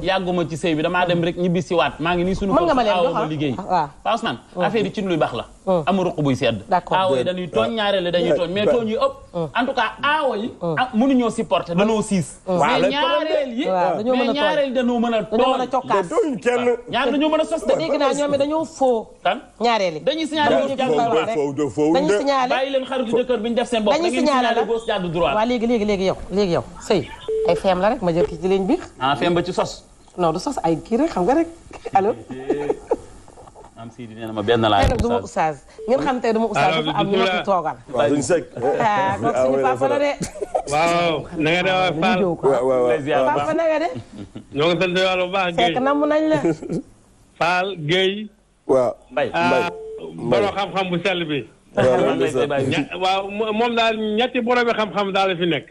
yàgguma ci sëy bi damaa dem rek ñibbisiwaat maa ngi nii sunu kër. mën nga ma leen jox ah? liggéey. waaw ah. Ousmane oh. affaire yi ci luy baax la. Mmh. amul ruq buy sedd aawo yi dañuy tooñ ñaareel dañuy tooñ mais mmh. tooñ yi ëpp mmh. en tout cas aawo yi ah, mënuñoo supporter danoo siis mais ñaareel yi mais ñaareel dañoo mën a dañoo mën a cokkaas tooñ kenn ñaar dañoo mën a sos de dégg naa ñoom dañoo foo kan ñaareel yi dañuy signaler dañuy signaler bàyyi leen xaritu jëkkër bi ñu def seen bopp dañuy signaler gauche jàdd droit waaw léegi léegi léegi yow léegi yow sëy ay feem la rek ma jël ki ci ligne bi ah feem ba ci sos non du sos ay kii rek xam nga rek allo am si di neena ma benn laay. tey nag du ma oustaz ngeen xam tey du ma oustaz waaw duñ ah, ah, na nga de waay Fall waaw na nga de. ñoo ngi bu baax. Ah, xam-xam bu sell bi. waaw moom daal ñetti borom xam-xam daal la fi nekk.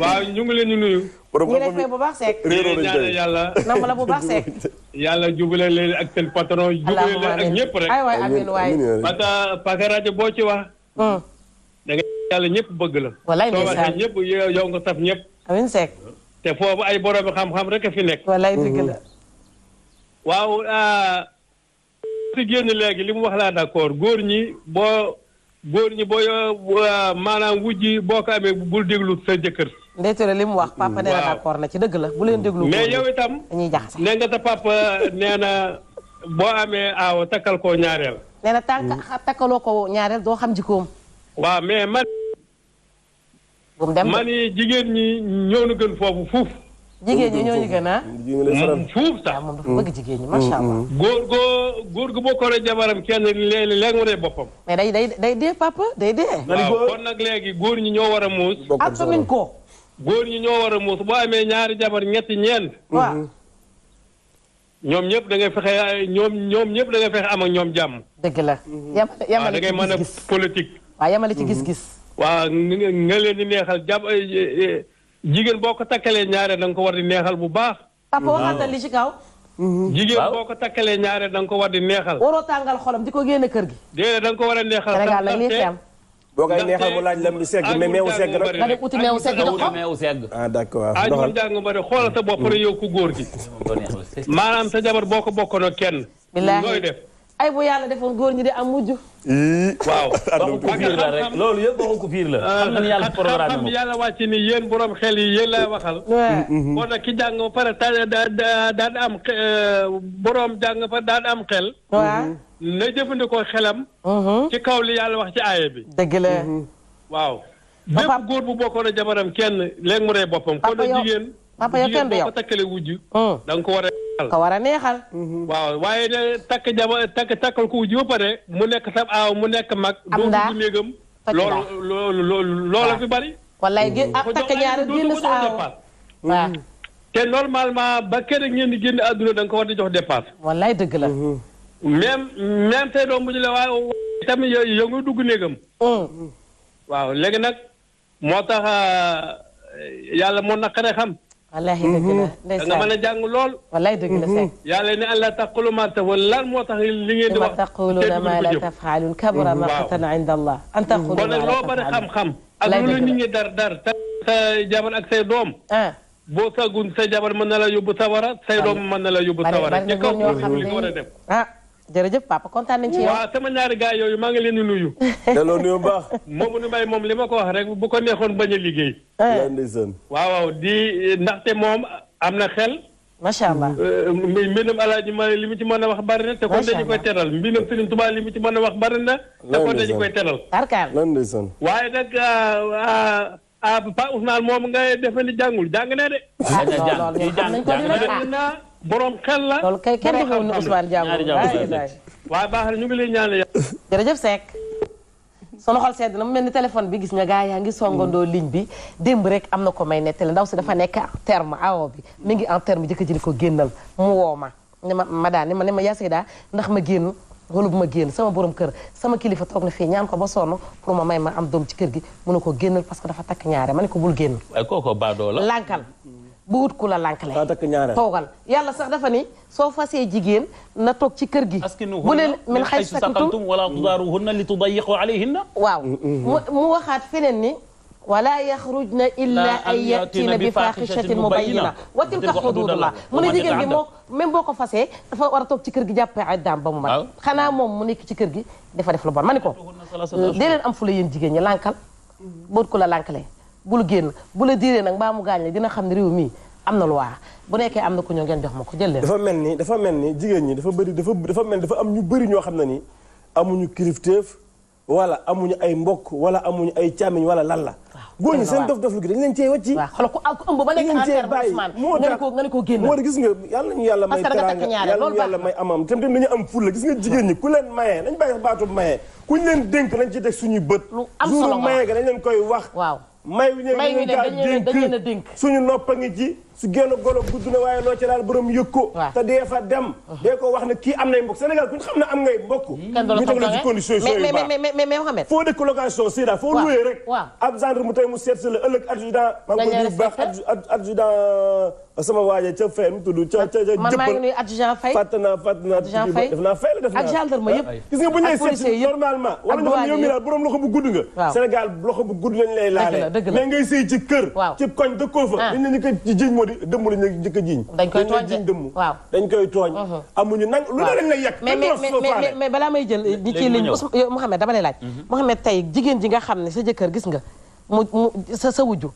waaw ñu ngi ñu nekk fee bu baax seek. réeróo lañ koy yàlla. nam la bu baax seek. yàlla jubale leen ak seen patron. jubale leen ak ñëpp rek. ay waay amiin waay parce que rajo boo ci wax. Hmm. da nga ñëpp bëgg la. walaay ndeysaan soo waxee ñëpp yow nga te foofu ay borom xam-xam rek a fi nekk. walaay dëgg hmm. la. waaw ah, si génn léegi li mu wax laa d'accord góor ñi boo góor ñi boo ah, maanaam wujji boo ko amee bul sa jëkkër. ndeytale li mu wax papa nee na d'accord na ci dëgg la bu leen mm. déglu. mais yow itam dañuy jaxase. nee nga sa papa nee na boo amee aaw takkal ko ñaareel. nee na tànk mm. takkaloo ko ñaareel doo xam jikkoom. waaw mais man. bu mu jigéen ñi ñoo ñu gën foofu fuuf. jigéen ñi ñoo ñu gën a. Ah? Mm, fuuf sax moom dafa bëgg jigéen ñi macha allah. góor goo góor gu bokkoolee jabaram kenn léeg-léeg mu dee boppam. mais day day day dee papa day dee. waaw nag léegi góor ñi ñoo war a muus. ak ko. góor ñi ñoo war a muus boo amee ñaari jabar ñetti ñeent. Mm-hmm. ñoom ñëpp da ngay fexe ñoom ñoom ñëpp da ngay am a ñoom jàmm. dëgg la. Mm-hmm. yamale ci gis-gis da ngay a politique. waaw yamale ci mm-hmm. gis-gis. waaw nga leen di neexal jàpp eh, eh, eh, jigéen boo ko takkalee ñaare da nga ko war di neexal bu baax. papa waxatal li ci kaw. jigéen boo ko takkalee ñaare da nga ko war di neexal. waroo tàngal xolam di ko génn kër gi. déedéet da nga ko war a neexal. Sénégal nag lii fi am boo koy neexal mu laaj lam bi segg mais meewu segg nag nga dem uti meewu segg ndox ko meewu segg ah d'accord aajul sa bopp mm. boo ko bokkoon ak kenn looy def ay bu yàlla defoon góor ñi de am mujj waaw waxu ko fiir la rek loolu yëpp waxu ko fiir la ah, xam yàlla programme xam yàlla wàcc ni yéen borom xel yi yéen lay waxal moo mm, mm, tax ki jàng ba pare daan am euh, boroom jàng ba pare daan am xel mm-hmm. na jëfandikoo xelam. Mhm. ci kaw li yàlla wax ci aaya bi. dëgg la. Mhm. waaw. bépp góor bu bokkoon a jabaram kenn léegi mu rey boppam. papa da na jigéen. papa yow kenn du yow takkale wujj. Mhm. danga ko war a neexal. ko war a neexal. waaw waaye ne takk jaba takk takkal ko wujj ba pare mu nekk sa aaw mu nekk mag. am daa doo dugg néegam. loolu loolu loola fi bari. wallaay gi ak takk ñaari génn sa aaw waaw. te normalement ba kenn ngeen di génn àdduna da nga ko war a jox dépense. wallaay dëgg la. même même tey doom bu ñu la waaye tamit yooyu yow dugg néegam. Mm. waaw léegi nag moo tax euh, yàlla moo naqare xam. wallaahi dëgg la mm-hmm. ndeysaan nga mën a jàng lool. wallaahi dëgg la mm-hmm. Seydou. yàlla ne la taqulu ma tafa lan moo tax li ngeen di wax. taquluna ma la tafaalun kabura mm-hmm. maqtan inda an taqulu ma la tafaalun kon nag loo bari xam-xam. ak lu nit ñi dar dar sa sa jabar ak say doom. Ah. boo sagun sa jabar mën na la yóbbu sawara say doom mën na la yóbbu sawara. ci kaw li nga war a def. Ah. jërëjëf papa kontaan nañ ci yow. waaw sama ñaari gars yooyu maa ngi leen di nuyu. delloo nuyu baax. moomu nu may moom li ma ko wax rek bu ko neexoon bañ a liggéey. Ah. waaw waaw di ndaxte moom am na xel. macha allah euh, muy mbindum alaaji ma li mu ci mën a wax bari na. te kon dañu koy teral mbindum Sëriñ Tuubaa li mu ci mën a wax bari na. te kon dañu koy teral. tarkaal waaye nag. ah, ah, ah Pa Ousmane moom nga defe ni jàngul jàng na de. ah loolu loolu jàng na de. borom xel la loolu kay kenn déggul ni Ousmane Diago waaye baax na ñu ngi lay mel ni téléphone bi gis nga gaa yaa ngi songandoo ligne bi démb rek am na ko may nettali ndaw si dafa nekk terme awo bi mi ngi en terme jëkkër ji di ko génnal mu woo ma ne ma ma daal ma ne ma yaasay daa ndax ma génn wala ma génn sama borom kër sama kilifa toog na fii ñaan ko ba sonn pour ma may ma am doom ci kër gi mun na ko génnal parce que dafa takk ñaare ma ne ko bul génn. waaye kooku baadoo bu ku la lànkale toogal yàlla sax dafa ni soo fasee jigéen na toog ci kër gi bu leen min xay sakantum wala tudaaruhunna li tudayiqu alayhinna waaw mm, mm, mm. mu waxaat feneen ni wala yaxrujna illa an yatina bi faaxishatin mubayina wa tilka xududullah mu ne jigéen gi moo même boo ko fasee dafa war a toog ci kër gi jàppee ay daam ba mu mat xanaa moom mu nekk ci kër gi dafa def lu bon ma ni ko dee leen am fu la yéen jigéen ñi lànkal boot ku la lànkalee bul génn bu la diiree nag mbaa mu gaañ la dina xam ne réew mi am na lu waax bu nekkee am na ku ñëw ngeen jox ma ko jël leen dafa mel ni dafa mel ni jigéen ñi dafa bëri dafa dafa mel ni dafa am ñu bëri ñoo xam ne ni amuñu kilifteef wala amuñu ay mbokk wala amuñu ay càmmiñ wala lan la góor ñi seen dof dof lu gi dañ leen cee wàcc xool ko ak ëmb ba nekk enfer Ousmane nga ko nga ne ko génn moo tax gis ñu yàlla may teraanga yàlla ñu yàlla may amam tam tam dañu am fulla gis nga jigéen ñi ku leen mayee nañ bàyyi baatu mayee kuñ leen dénk nañ ci teg suñuy bët lu am solo maye ga dañ leen koy wax waaw may wi ne dañ leen a dénk suñu noppa ngi ji si génn golo gudd na waaye loo ci laal borom yëg ko te dee fa dem dee ko wax ne kii am nay mbokk Sénégal ku ñu xam ne am ngay mbokk ñu teg la ci condition mais mais mais mais Mohamed foo dëkk location si foo loué rek ab gendre mu tey mu seet si la ëllëg man maa ngi nuyu adjudant Faye fàtte naa fàtte fay ak gendarme yëpp gis nga bu ñu seet normalement wala ñu xam ne yow mi daal borom loxo bu gudd koñ dëkkoo fa ñu ne ñu ko jiñ li dëmm la ñu njëkk a jiiñ. dañ koy tooñ jiiñ dëmm waaw dañ koy tooñ. Mhm. amuñu nang lu ne dañ lay yàq. mais mais mais balaa may jël di ci dama lay laaj. Mhm. Mouhamed tey jigéen ji nga xam ne sa jëkkër gis nga mu mu sa sa wujju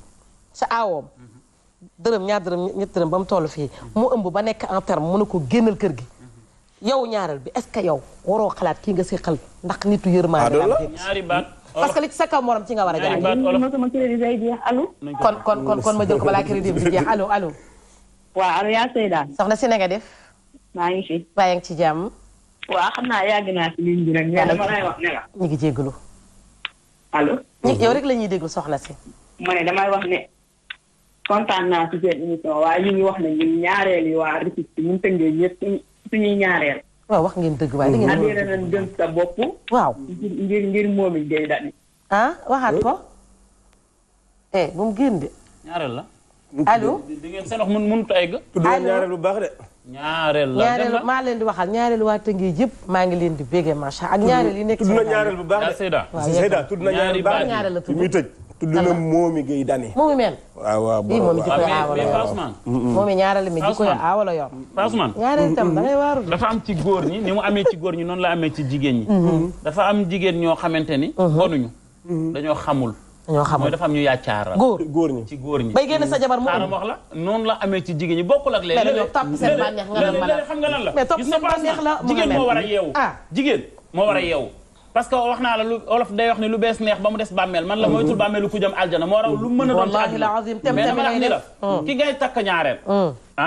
sa aawoom. Mhm. dërëm ñaar dërëm ñett dërëm ba mu toll fii mu ëmb ba nekk en terme mu ne ko génnal kër gi yow ñaareel bi est-ce que yow waroo xalaat kii nga séqal ndax nitu yërmaande ñaari baat parce que li ci sa kaw morom ci nga war a jaar. sama crédit day jeex allo. kon kon kon kon ma jël ko balaa crédit bi jeex allo waaw allo yaa sey daal. soxna si def. maa ngi fi. maa ngi ci jàmm. waaw xam naa yàgg naa si ligne bi rek. mais dama ngi jégalu. allo. yow rek lañuy ñuy déglu soxna si. ma ne damay wax ne. kontaan naa si seen émission waaye ñu ngi wax ne ñun ñaareel yi waa Rufisque ñun tëngee ñëpp suñuy ñaareel. waaw wax ngeen dëgg waaye da ngeen. adhéré nañ gëm bopp. waaw ngir ngir moom it day daal. ah waxaat ko. eh bu mu génn de. ñaareel la. allo di ngeen seen wax mun mënut a egg. allo ñaareel bu baax de. ñaareel la ñaareel maa leen di waxal ñaareel waa Tëngéej yëpp maa ngi leen di bége macha ak ñaareel yi nekk. tudd na ñaareel bu baax de Seyda. tudd na ñaareel bu baax ñaareel la tudd tudd na moomi gay dani moomi mel waaw waaw moom jikko yu aawa la yor moomi ñaarale mi jikko la yor da dafa am ci góor ñi ni mu amee ci góor ñi noonu la amee ci jigéen ñi mm-hmm. dafa am jigéen ñoo xamante ni bonuñu mm-hmm. mm-hmm. dañoo xamul dañoo xamul mooy dafa am ñu góor góor ñi ci góor ñi bay génn sa jabar mu am la noonu la amee ci jigéen ñi bokkul ak léegi léegi topp seen bànneex nga a nga lan la mais topp seen bànneex la ah. jigéen moo war a yeewu jigéen moo a yeewu parce que wax naa la lu olof day wax ni lu bees neex ba mu des bàmmeel man la moytul bàmmeelu ku jëm aljana moo raw lu mën a doon ci àddina mais dama la wax ni la hmm. ki ngay takk ñaareel hmm. ah,